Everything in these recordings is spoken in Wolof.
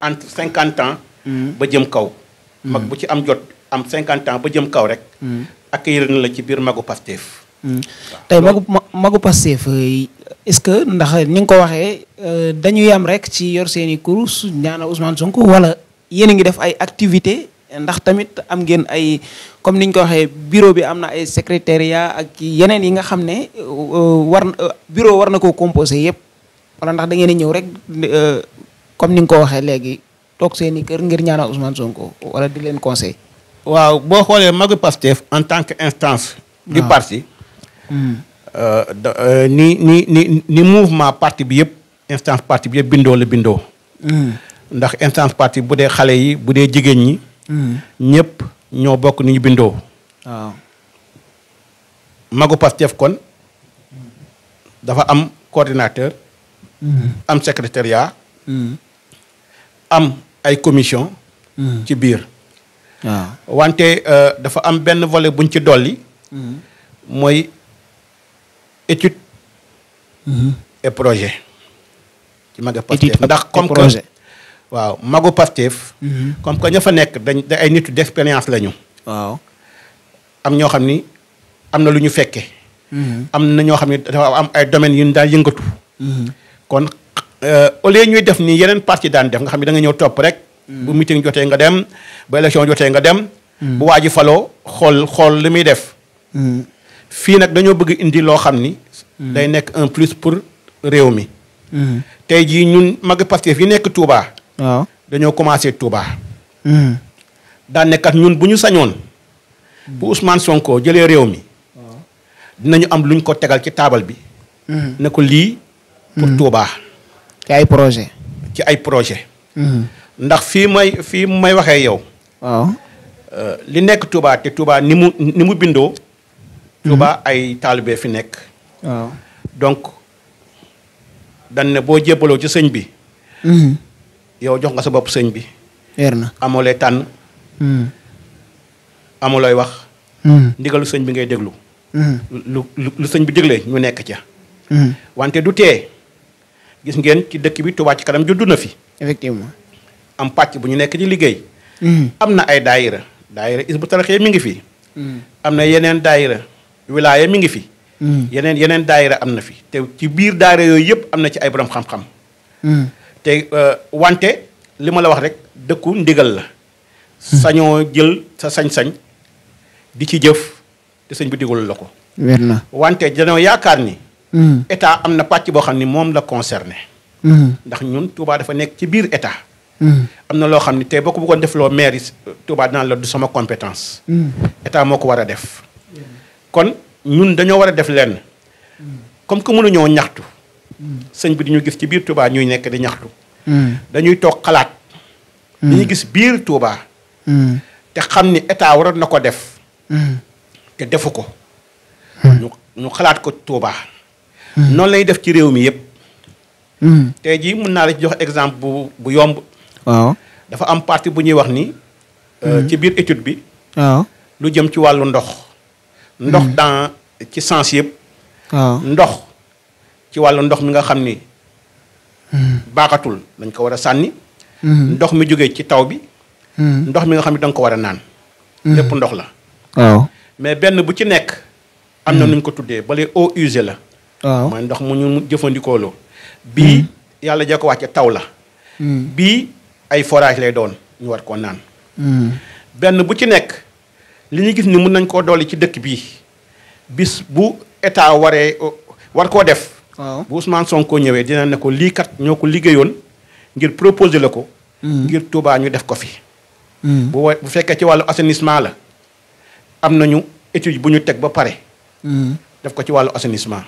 entre cinquante ans mm. ba jëm kaw mm. mag bu ci am jot am cinquante ans ba jëm kaw rek mm. accueillir na la ci biir magu Pastef tey magu magu Pastef euh, est-ce que ndax ni nga ko waxee euh, dañu yam rek ci yor seen i course ñaana Ousmane Sonko wala yéen a ngi def ay activité ndax tamit am ngeen ay comme ni ñu ko waxee bureau bi am na ay secrétariat ak yeneen yi nga xam ne euh, war bureau war na ko composé yëpp wala ndax da ngeen ñëw rek comme ni nga ko waxee léegi toog seen i kër ngir ñaanal Ousmane Sonko wala di leen conseil waaw boo xoolee magu Pastef en tant que instance du ah. parti hmm. euh, euh, ni ni ni ni mouvement parti bi yëpp instance parti bi yëpp bindoo la bindoo hmm. ndax instance parti bu dee xale yi bu dee jigéen ñi hmm. ñëpp ñoo bokk ni ñu bindoo waaw ah. magu Pastef kon dafa am coordinateur am secrétariat am ay commission hmm. ci biir waaw ah. wante euh, dafa am benn volet buñ ci dolli hmm. mooy étude hmm. et projet ci magu Pastef ndax comme que waaw magu Pastef comme que ña fa nekk dañ da ay nitu d'expérience lañu waaw am ñoo xam ni am na lu ñu fekke am na ñoo xam ne dafa am ay domaines yu ñu yëngatu kon Euh, au lieu ñuy def nii yeneen parti daan def nga xam ne da nga ñëw topp rek. bu mm. meeting jotee nga dem ba élection jotee nga dem. Mm. bu waa ji faloo xool xool li muy def. Mm. fii nag dañoo bëgg indi loo xam ni. day nekk un plus pour réew mi. tey jii ñun mag Pastef yi nekk Touba. dañoo commencé Touba. daan nekkat ñun bu ñu sañoon. bu Ousmane Sonko jëlee réew mi. dinañu am luñ ko tegal ci taabal bi. ne ko lii. pour Touba. ci ay projet ci ay projet mhm. ndax fii may fii may waxee yow. waaw euh, li nekk Touba te Touba ni mu ni mu bindoo. Touba mhm. ay taalibe fi nekk. donc dan ne boo jébbaloo ci sëñ bi. Mhm. yow jox nga sa bopp sëñ bi. leer na amoo tànn. amoo lay wax. ndigalu sëñ bi ngay déglu. lu lu sëñ bi déglee ñu nekk ca. wante du tee. gis ngeen ci dëkk bi Touba ci kanam juddu na fi. effectivement am pàcc bu ñu nekk di liggéey. Hmm. am na ay daayira daayira bu Tarqiyyah mi ngi fi. Hmm. am na yeneen daayira wilaaya mi ngi fi. Hmm. yeneen yeneen daayira am na fi te ci biir daayira yooyu yëpp am na ci ay borom xam-xam. te euh, wante li ma la wax rek dëkku ndigal la. sañoo jël sa sañ-sañ di ci jëf te sëñ bi digul la ko. wante danoo yaakaar ni. Mm. état am na pàcc boo xam ni moom la concerné. Mm. ndax ñun Touba dafa nekk ci biir état. Mm. am na loo xam ni tey boo ko bëggoon def loo maire yi Touba la du sama compétence. état moo ko war a def. kon ñun dañoo war a def lenn. comme que mënuñoo ñaxtu. sëñ bi dañu gis ci biir Touba ñuy nekk di ñaxtu. dañuy toog xalaat. dañuy gis biir Touba. te xam ni état waroon na ko def. te defu ko. ñu xalaat ko Touba. noonu lay def ci réew mi yëpp. Hmm. tey jii mun naa la jox exemple bu bu yomb. waaw dafa am parti bu ñuy wax nii euh, hmm. ci biir étude bi. waaw lu jëm ci wàllu ndox. ndox hmm. dans ci sens yëpp. ndox ci wàllu ndox mi nga xam ni. baaxatul dañ ko war a sànni. ndox mi jógee ci taw bi. ndox mi nga xam ne da ko war a naan. lépp ndox la. waaw mais benn bu ci nekk. am na nuñ ko tuddee bale eaux usées la. mooy ndox mu ñu jëfandikoo hmm. bii yàlla jee ko wàcce taw la hmm. bii ay forage lay doon ñu war ko naan hmm. benn bu ci nekk li ñu gis ni mun nañ koo dolli ci dëkk bii bis bu état waree war koo def bu Ousmane Sonko ñëwee dina ne ko lii kat ñoo ko liggéeyoon ngir proposer la ko ngir Touba ñu def ko fi bu wa bu fekkee ci wàllu assainissement la am nañu étude bu ñu teg ba pare def ko ci wàllu assainissement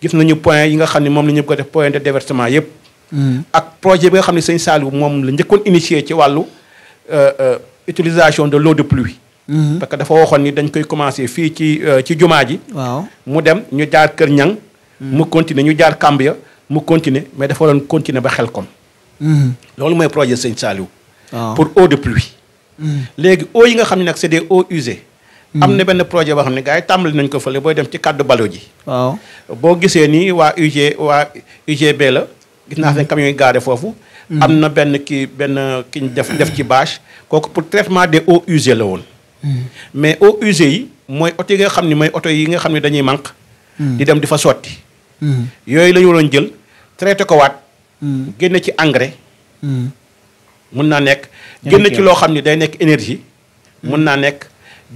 gis nañu point yi nga xam ni moom la ñu ko def point de déversement yëpp. Hmm. ak projet bi nga xam ne sëñ Saliou moom la njëkkoon initié ci wàllu euh, euh, utilisation de l'eau de pluie. Hmm. parce que dafa waxoon ni dañ koy commencé fii ci euh, ci jumaa ji. mu dem ñu jaar Kër Ñang hmm. mu continuer ñu jaar cambia mu continuer mais dafa waroon continuer ba xel Xelkom. loolu mooy projet sëñ Saliou. pour eau de pluie. léegi eau yi nga xam ne nag c'est des eaux use Hmm. am na benn projet boo xam ne gars yi tàmbali nañ ko fële booy dem ci kàddu balu ji. boo gisee nii waa UG waa UGB la. gis naa seen hmm. camions yi garé foofu. Hmm. am na benn kii benn ki ñu def def ci bâche. kooku pour traitement des eaux use la woon. mais eaux usées yi mooy oto yi nga xam ni mooy oto yi nga xam ne dañuy manque di dem di fa sotti. yooyu la ñu waroon jël traité ko waat. génne ci engrais. mun naa nekk génn ci loo xam ne day nekk énergie. mun naa nekk.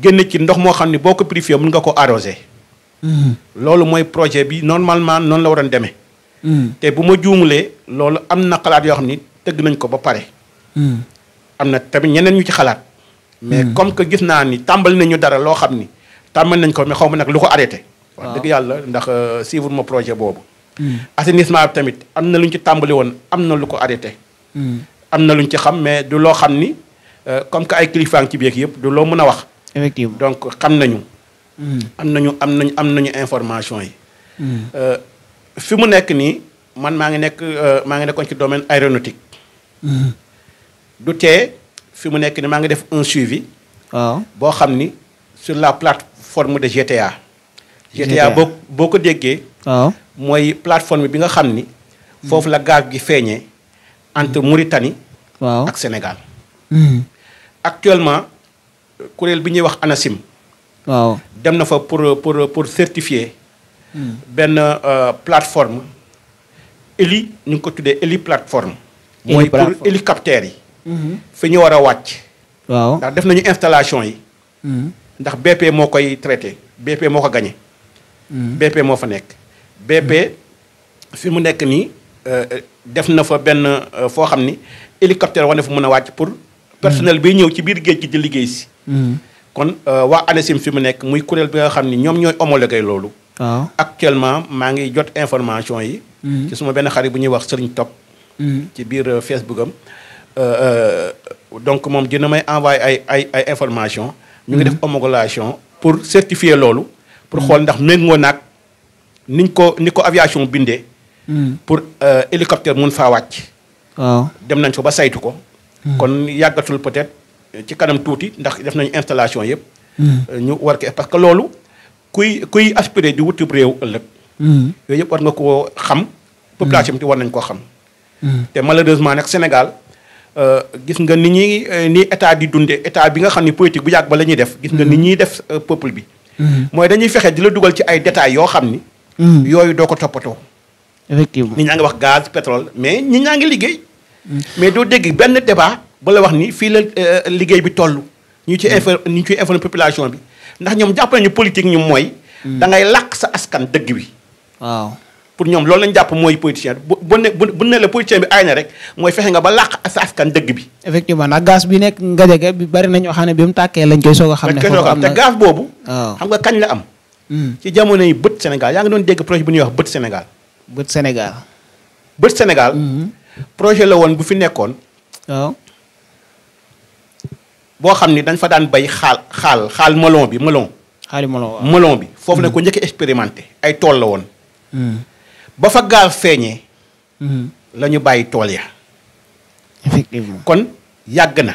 génne ci ndox moo xam ne boo ko purifié mën nga ko arrosé. Hmm. loolu mooy projet bi normalement noonu la waroon demee. Hmm. te bu ma juumulee loolu am na xalaat yoo xam ni tëgg nañ ko ba pare. Hmm. am na tamit ñeneen ñu ci xalaat. mais comme que gis naa ni tàmbali nañu dara loo xam ni tàmbali nañ ko mais xaw ma nag lu ko arrêté. wax dëgg yàlla ndax euh, suivre ma projet boobu. assainissement bi tamit am na lu ñu ci tàmbali woon am na lu ko arrêté. am na lu ñu ci xam mais du loo xam ni euh, comme que ay kilifaang ci beeg yëpp du loo mën a wax. effectivement donc xam nañu. Hmm. am nañu am nañu am nañu information yi. Hmm. Euh, fi mu nekk nii man maa ngi nekk euh, maa ngi nekkoon ci domaine aéronautique. Hmm. du tee fi mu nekk nii maa ngi def un suivi. waaw boo xam ni sur la plateforme de GTA. GTA boo boo ko déggee. mooy plateforme bi nga xam ni. foofu la gaz gi feeñee entre Mauritanie. waaw ak Sénégal. kuréel bi ñuy wax ANACIM. waaw dem na fa pour pour pour certifier. Hmm. benn euh, plateforme. ELI ñu ngi ko tuddee ELI plateforme. mooy pour hélicoptère yi. Hmm. fi ñu war a wàcc. waaw ndax def nañu installation yi. Hmm. ndax BP moo koy traité BP moo ko gagné. BP moo fa nekk. BP fi mu nekk nii euh, def na fa benn euh, foo xam ni hélicoptère war na fa mën a wàcc pour. personnel bi ñëw ci biir géej gi di liggéey si. kon euh, waa ANACIM fi mu nekk muy kuréel bi nga xam ni ñoom ñooy homologué loolu. actuellement maa ngi jot information yi. Mm-hmm. ci suma benn xarit bu ñuy wax Serigne Top. Mm-hmm. ci biir euh, Facebook am. Euh, donc moom dina may envoyé ay ay ay information ñu ngi def mm-hmm. homologation pour certifier loolu. pour xool ndax méngoo naag niñ ko ni ko aviation bindee. pour hélicoptère mun faa wàcc. waaw dem nañ fa ba saytu ko. kon yàggatul peut ci kanam tuuti ndax def nañu installation yëpp. Hmm. Euh, ñu war ko parce que loolu kuy kuy aspiré di wutub réew ëllëg. Hmm. yooyu yëpp war nga koo xam. Hmm. population bi war nañ koo xam. te malheureusement nag Sénégal euh, gis nga ni ñuy euh, ni état di dundee état bi nga xam ne politique bu yàgg ba la ñuy def. gis nga ni ñuy def peuple bi. mooy dañuy fexe di la dugal ci ay détails yoo xam ni. yooyu doo ko toppatoo. effectivement nit ñaa ngi wax gaz pétrole mais ñi ñaa ngi liggéey. mais doo dégg benn débat. ba wax ni fii la euh, liggéey bi toll. ñu ci hmm. infor ñu ciy informer population bi ndax ñoom jàpp nañu politique ñu mooy. Hmm. dangay ngay làq sa askan dëgg bi. waaw pour ñoom loolu lañ jàpp mooy politicien bu bu bu ne la bi aay na rek mooy fexe nga ba làq sa askan dëgg bi. effectivement nag gaz bi nekk nga jege bi bari na ñoo xam ne bi mu tàkkee lañ koy soog a. xam ne foofu am na te gaz boobu. xam nga kañ la am. Hmm. ci jamono yi bët Sénégal yaa ngi doon dégg projet bu ñuy wax bët Sénégal. bët Sénégal. bët Sénégal. la woon bu fi nekkoon. boo xam ni dañ fa daan bay xaal xaal xaal melon bi melon. xaali melon melon bi foofu lañ mm. ko njëkk expérimenté ay tool la woon. Mm. ba fa gaal feeñee. Mm. la bàyyi tool ya. effectivement kon yàgg na.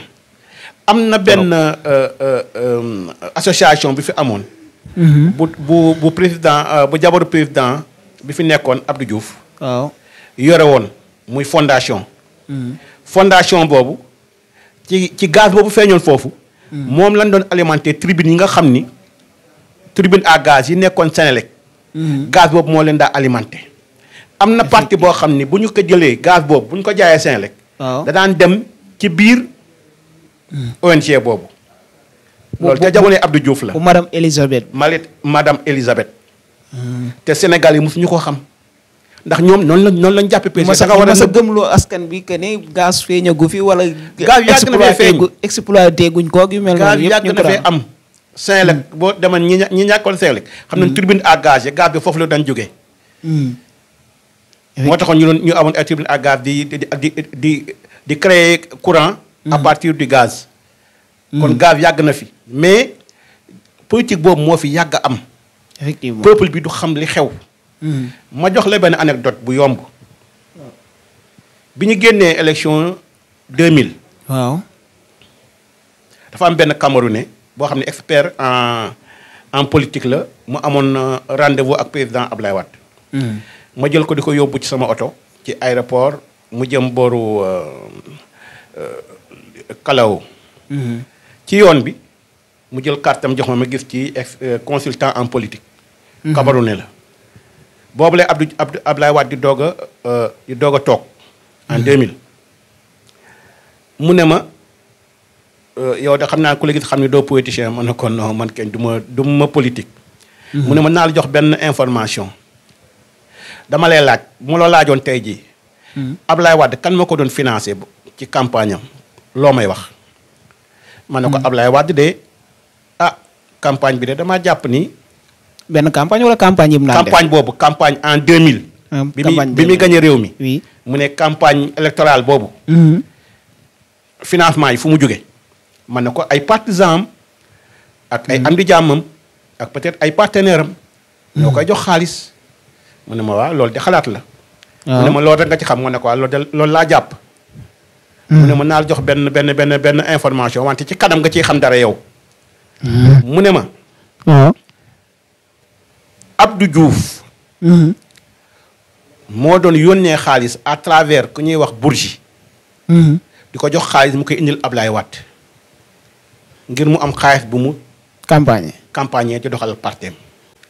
am na benn euh, euh, euh, association bi fi amoon. Mm-hmm. bu bu président bu jabaru président bi fi nekkoon Abdou Diouf. waaw yore woon muy fondation. fondation boobu. ci ci gaz boobu feeñoon foofu. Hmm. moom lañ doon alimenté tribune yi nga xam ni tribune à gaz yi nekkoon Sénélec. Hmm. gaz boobu moo leen daa alimenté. am na parti boo xam ni bu ñu ko jëlee gaz boobu bu ñu ko jaayee Sénélec. waaw dem ci biir hmm. ONG boobu. loolu ca jamonoy Abdou Diouf la. bu madame Elisabeth. Malit madame Elisabeth. te Sénégal yi mosuñu ko xam. ndax ñoom noonu la noonu lañ jàppee. PSE da nga sa gëmloo askan bi que ne gaz feeñagu fi wala. gaz yàgg na fee feeñ exploité guñ koog yu mel noonu yëpp ñu ko gaz yàgg na fee boo demoon ñi ña ñi ñàkkoon Senelec. xam nañ mm. turbine à gaz yi bi foofu la daan jógee. Mm. moo taxoon ñu doon ñu amoon ay à gaz di di di di di créer courant. à mm. partir du gaz. kon gaz yàgg na fi mais politique boobu moo fi yàgg am. effectivement peuple bi du xam li xew. ma jox la benn anecdote bu yomb. bi ñu génnee élection 2000. waaw. dafa am benn Camerounais boo xam ne expert en en politique la mu amoon euh, rendez-vous ak président Ablaye Wade. Hmm. ma jël ko di ko yóbbu ci sama oto. ci aéroport mu jëm booru euh, euh, Kalao. Hmm. ci yoon bi mu jël carte am jox ma ma gis ci consultant en politique. Hmm. Camerounais la. boobu lay Abdou Abdou Abdoulaye Wade di doog a euh, di doog a toog en 2000 hmm. mu ne ma euh, yow da xam naa ku la gis xam ne doo politicien man ne kon non man kenn duma ma du ma politique. Hmm. mu ne ma naa la jox benn information dama lay laaj mu la laajoon tey jii. Hmm. Abdoulaye Wade kan ma ko doon financé ci campagne loo may wax. ma ne ko Abdoulaye wàdd de ah campagne bi de damaa jàpp ni. benn campagne wala campagne yi mu naan def boobu campagne en 2000. Euh, bi muy bi muy gagné réew mi. oui mu ne campagne électorale boobu. Mm-hmm. financement yi fu mu jóge man ne ko ay partisans am ak ay mm-hmm. am di jàmmam ak peut-être ay partenaires am. Mm-hmm. ñoo koy jox xaalis. mu ne ma waaw loolu de xalaat la. Ah. mu ne ma loolu rek nga ci xam nga ne ko loolu de loolu laa jàpp. mu ne ma naal jox benn benn benn benn information wante ci kanam nga ciy xam dara yow. mu ne ma. Ah. Abdou Diouf. Mm-hmm. moo doon yónnee xaalis à travers ku ñuy wax Bourgi. Mm-hmm. di ko jox xaalis mu koy indil Ablaye Wade ngir mu am xaalis bu mu. campagne campagne ci doxal parteem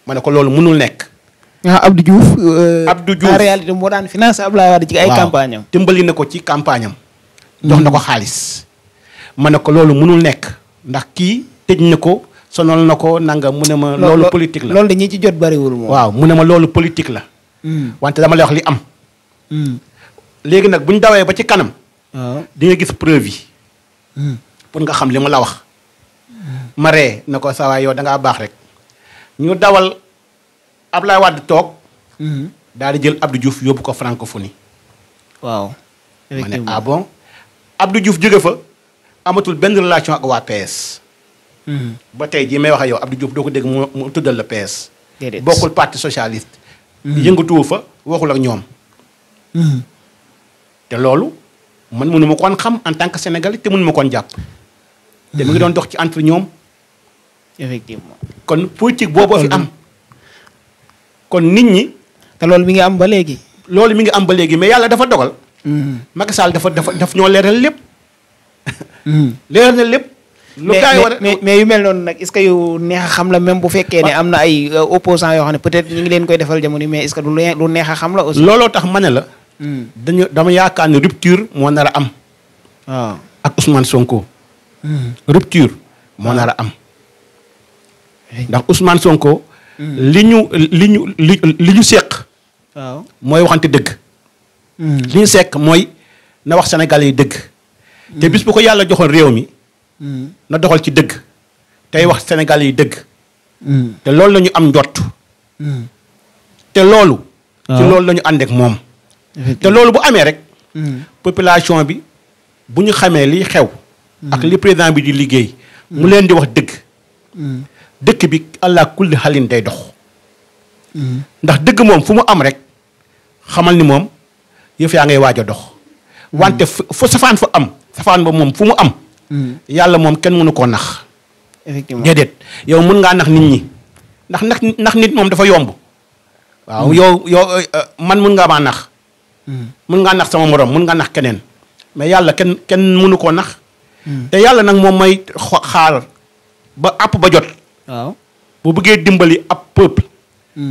ma ne ko loolu mënul nekk. ah Abdou Diouf. Euh, Abdou Diouf en réalité moo daan financé Ablaye Wade ci ay campagne am dimbali na ko ci campagne am. jox na mm-hmm. ko xaalis. ma ne ko loolu mënul nekk ndax kii tëj na ko sonal na ko nanga mu ne ma loolu politique la loolu dañuy ci jot bariwul moom waaw mu ne ma loolu politique la hmm. wante dama lay wax li am hmm. léegi nag bu dawee ba ci kanam ah. di nga gis preuve hmm. pour nga xam li ma la wax ma ree na ko sawaay yow da baax rek ñu dawal Ablaye Wade toog daal di jël abdu Diouf yóbbu ko francophonie waaw ma ne ah bon Abdou Diouf jóge fa amatul benn relation waa PS Mm-hmm. ba tey jii may wax ak yow Abdou Diouf doo ko dégg mu tuddal la PS. bokkul parti socialiste. Mm-hmm. yëngatuwu fa waxul ak ñoom. Mm-hmm. te loolu man mënu ma koon xam en tant que sénégalais te mënu ma koon jàpp. te mu ngi doon dox ci entre ñoom. effectivement kon politique booboo fi am. kon nit ñi. te loolu mi ngi am ba léegi. loolu mi ngi am ba léegi mais yàlla dafa dogal. Macky Sall dafa dafa daf ñoo leeral lépp. leeral na lépp. lu gars war mais yu mel noonu nag est ce que yu neex a xam la même bu fekkee ne am na ay euh, opposants yoo xam ne peut être ñu ngi leen koy defal jamono mais est ce que lu neex a xam la aussi. looloo tax ma ne la. Hmm. dañu dama yaakaar ne rupture moo nar a am. Ah. Sonko. Hmm. rupture moo ah. nar am. ndax Ousmane Sonko. Hmm. li ñu li ñu li li ñu seq. mooy waxante dëgg. li ñu seq mooy na wax Sénégal yi dëgg. te bis bu ko yàlla joxoon réew mi. na doxal ci dëgg tey wax senegal yi dëgg te loolu la ñu am njott te loolu ci ah. loolu la ñu ànd ak moom te loolu bu amee rek hmm. population bi bu ñu xamee liy xew hmm. ak li président bi di liggéey mu hmm. leen di wax dëgg dëkk bi allah kulli xalin day dox ndax dëgg moom fu mu am rek xamal ni moom yëf yaa ngay waaj a dox wante fu safaan fu am safaan ba moom fu mu am yàlla moom kenn mënu koo nax. effectivement déedéet yow mën ngaa nax nit ñi ndax nax nax nit moom dafa yomb. waaw mm. yow yow euh, euh, man mën ngaa maa nax. Mm. mën ngaa nax sama morom mën ngaa nax keneen mais yàlla kenn kenn mënu koo nax. Mm. te yàlla nag moom may xaar ba àpp ba jot. waaw bu bëggee dimbali ab peuple.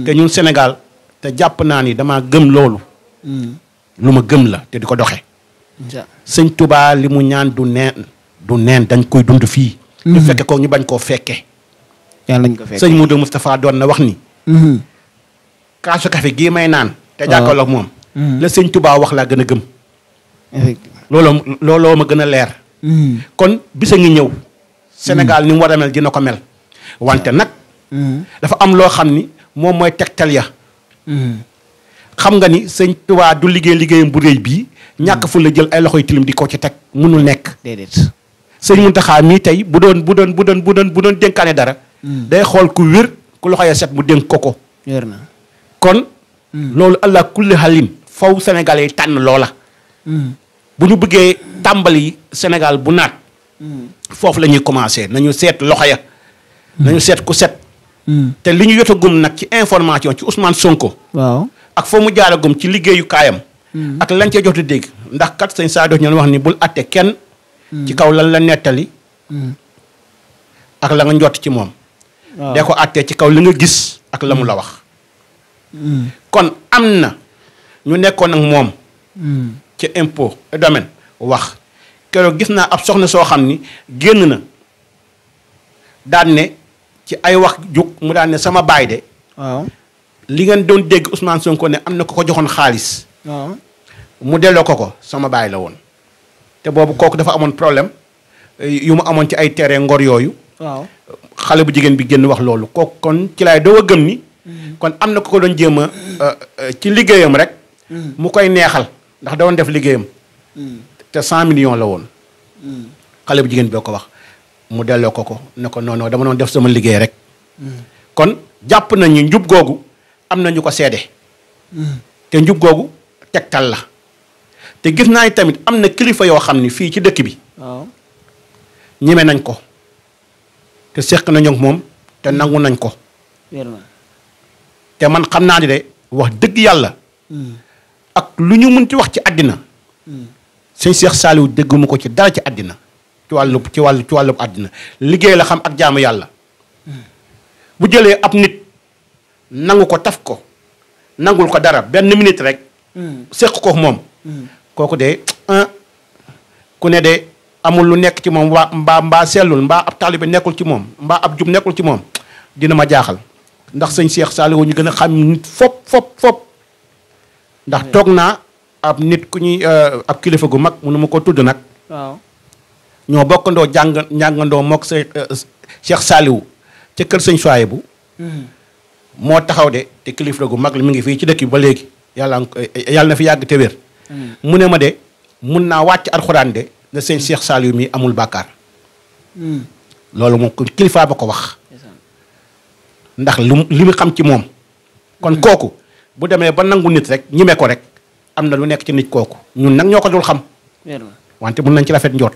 te ñun Sénégal te jàpp naa ni dama gëm loolu. lu ma gëm la te di ko doxe sëñ Touba li mu ñaan du du neen dañ koy dund fii. Mhm. ñu fekke ko ñu bañ koo fekke yàlla nañ ko fekke sëñ Moudou Moustapha doon na wax ni. Mhm. kaasu kafe gii may naan. te ah. jàkkaarloo ak moom. Mhm. la sëñ tubaa wax laa gën a gëm. looloo ma gën a leer. kon bisa ngi ñëw. Sénégal ni mu war a mel dina ko mel. wante nag. dafa am loo xam ni moom mooy tegtal ya. xam nga ni sëñ Touba du liggéey liggéeyam bu rëy bii. ñàkk fu la jël ay loxoy tilim di ko ci teg munul nekk. sëñ Muntaxa mii tey bu doon bu doon bu doon bu doon bu doon dénkaane dara. Hmm. day xool ku wér ku loxo ya set mu denk ko ko. wér na kon. Hmm. loolu allah kulli halim faw Sénégal yi tànn loola. Hmm. bu ñu buggee tàmbali Sénégal bu naat. foofu la ñuy commencé nañu seet loxo ya. nañu seet ku set. te li ñu yotagum nag ci information ci Ousmane Sonko. waaw ak foo mu jaaragum ci liggéeyu kaayam. ak lañ cee jot dégg ndax kat sëñ saa ñoo ñu ni bul atte kenn. ci kaw lan la nettali. Mm. ak la nga njott ci moom. de ko àttee ci kaw li nga gis ak la mu la mm. wax. Mm. kon am na ñu nekkoon ak moom. ci impôt domaine wax keroog gis naa ab soxna soo xam ni génn na daan ne ci ay wax jug mu daan ne sama baay de. waaw li ngeen doon dégg Ousmane Sonko ne am na ko ko joxoon xaalis. mu delloo ko ko sama baay la woon. te boobu kooku dafa amoon problème eh, yu mu amoon ci ay terrain ngor yooyu. waaw xale bu jigéen bi génn wax loolu kook kon ci laay doo a ni. Mm-hmm. kon am na ku ko jéem a eh, eh, ci liggéeyam rek. Mm-hmm. mu koy neexal ndax da def liggéeyam. Mm-hmm. te cent millions la woon. xale bu jigéen bi ko wax mu delloo ko ko ne ko non dama doon def sama liggéey rek. kon jàpp nañu njub googu am na ñu ko seede. te njub googu tegtal la. te gis naa ni tamit am na kilifa yoo xam ni fii ci dëkk bi. ñeme nañ ko. te seq nañu moom te nangu nañ ko. te man xam naa ni de wax dëgg yàlla. Hmm. ak lu ñu mën ci wax ci àddina. Hmm. sëñ Cheikh Saliou dégguma ko ci dara ci àddina. ci wàllu ci wàllu ci wàllu àddina liggéey la xam ak jaamu yàlla. Hmm. bu jëlee ab nit nangu ko taf ko nangul ko dara benn minute rek. seq ko moom. kooku de ku ne de amul lu nekk ci moom waa mbaa mbaa sellul mbaa ab taalibe nekkul ci moom mbaa ab jub nekkul ci moom dina ma jaaxal ndax sëñ Cheikh Saliou ñu gën a xam nit fop fop fop ndax toog naa ab nit ku ñuy euh, ab kilifa gu mag mënu ma ko tudd nag. waaw bokkandoo jàng njàngandoo mook sa euh, Cheikh Saliou ca kër sëñ Souhaïbou hmm. moo taxaw de te kilifa gu mag la mi ngi fii ci dëkk bi ba léegi yàlla yàlla na fi yàgg te mu ne ma de mun naa wàcc alxuraan de ne sëñ Cheikh Saliou amul bàkkaar hmm. loolu moom kilifaa ba ko wax ndax lu li mu xam ci moom kon hmm. kooku bu demee ba nangu nit rek ñime ko rek am na lu nekk ci nit kooku ñun nag ñoo ko dul xam wante mun nañ ci rafet njoot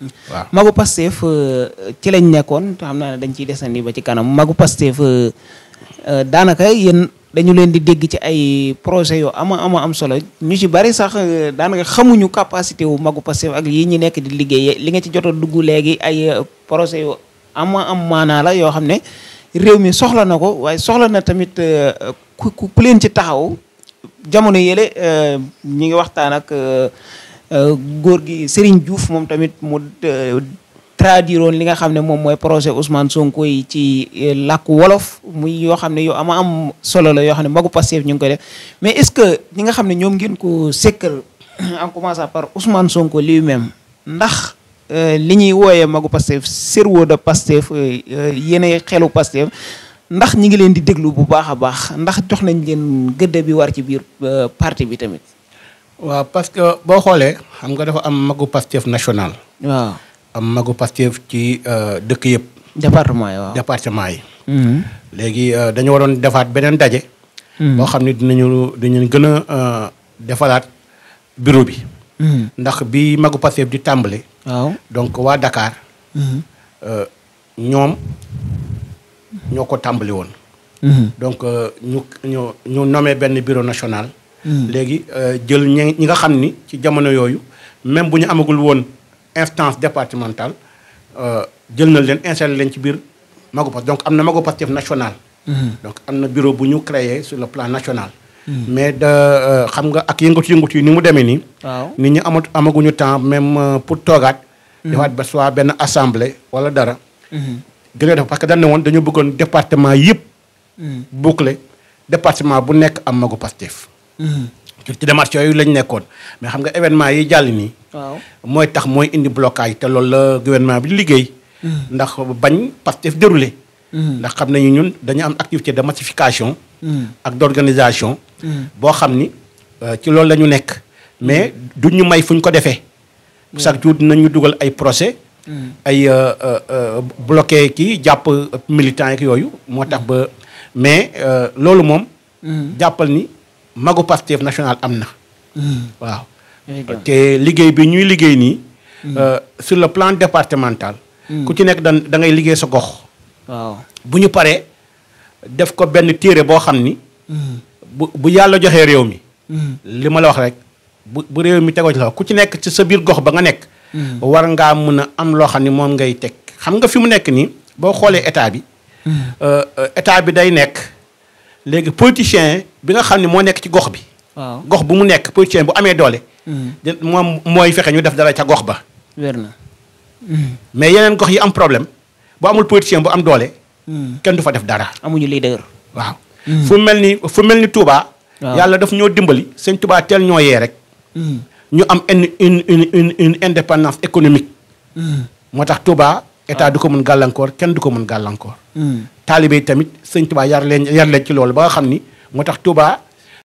hmm. waaw magu Pastef euh, ci lañ nekkoon xam naa ne dañ ciy desandi ba ci kanam magu Pastef euh, Euh, daanaka yéen dañu leen di dégg ci ay projet yoo ama ama am solo ñu ci bari sax euh, daanaka xamuñu capacité wu magu Pastef ak yi ñu nekk di liggéey li nga ci jot a dugg léegi ay euh, projet yoo ama am maanaala yoo xam ne réew mi soxla na ko waaye soxla na tamit ku ku leen ci taxaw jamono yële ñu ngi waxtaan ak góor gi Serigne Diouf moom tamit mu traduire woon li nga xam ne moom mooy projet Ousmane Sonko yi ci eh, làkku wolof muy yoo xam ne yu ama am solo la yoo xam ne magu Pastef ñu ngi koy def mais est-ce que ñi xam ne ñoom ngeen ko sekkal en commençant par Ousmane Sonko lui-même ndax eh, li ñuy wooyee magu Pastef cerveau de Pastef eh, yéenay xelu Pastef ndax ñi ngi leen di déglu bu baax a baax ndax jox nañ leen gëdd bi war ci biir parti bi tamit waaw parce que boo xoolee xam nga dafa am magu Pastef national waaw am magu Pastef ci euh, dëkk yëpp. département yi waaw yi. Mhm. léegi euh, dañu waroon defaat beneen daje. Mhm. boo xam ne dinañu dinañu gën a euh, defalaat bureau bi. Mhm. ndax bi magu Pastef di tàmbali donc waa dakaar ñoom ñoo ko tàmbali woon. donc ñu ñu ñu nommé benn bureau national. léegi jël ñi nga xam ni ci jamono yooyu même bu ñu amagul woon. instance départementale euh, jël na leen installé leen ci biir Magu Pastef donc am na Magu Pastef national. Mhm. donc am na bureau bu ñu créé sur le plan national. Mhm. mais da euh, xam nga ak yëngatu-yëngatu yi ni mu demee nii. waaw nit ñi amat amaguñu temps même euh, pour toogaat. Mhm. defaat ba soit benn assemblée wala dara. gën a def parce que dañ ne woon dañu bëggoon département yëpp. le département bu nekk am Magu Pastef. ci démarche yooyu lañ nekkoon mais xam nga événement yi jàll nii. waaw mooy tax mooy indi blocage te loolu la gouvernement bi di liggéey. Mm. ndax bañ Pastef déroulé. Mm. ndax xam nañu ñun dañu am activité de massification. Mm. ak d' organisation. boo xam ni euh, ci loolu la ñu nekk. mais duñ ñu may fu ñu ko defee. chaque jour dinañu dugal ay procès. ay euh, euh, bloqué kii jàpp militants yeeg yooyu moo tax ba mais loolu moom. jàppal ni magu Pastef national am na. waaw. te liggéey bi ñuy liggéey nii. Mm. Euh, sur le plan départemental. Mm. ku ci nekk dan da ngay liggéey sa gox. bu ñu paree def ko benn téere boo xam ni. Mm. bu bu yàlla joxee réew mi. li ma la wax rek bu bu réew mi tegoo ci la ku ci nekk ci sa biir gox ba nga nekk. war ngaa mën a am loo xam ni moom ngay teg xam nga fi mu nekk nii boo xoolee état bi. Euh, euh, état bi day nekk léegi politicien bi nga xam ni moo nekk ci gox bi. gox bu mu nekk politicien bu amee doole. Mm-hmm. moom mooy fexe ñu def dara ca gox ba. na. Mm-hmm. mais yeneen gox yi am problème bu amul politicien bu am doole. Mm-hmm. kenn du fa def dara. amuñu leader. waaw fu mel ni fu mel ni Touba. yàlla daf ñoo dimbali sëñ Touba teel ñoo yee rek. ñu am une une une une indépendance économique. moo tax Touba état du ko mun gàllankoor kenn du ko mun gàllankoor. taalibe yi tamit sëñ Touba yar leen yar leen ci loolu ba nga xam ni moo tax Touba.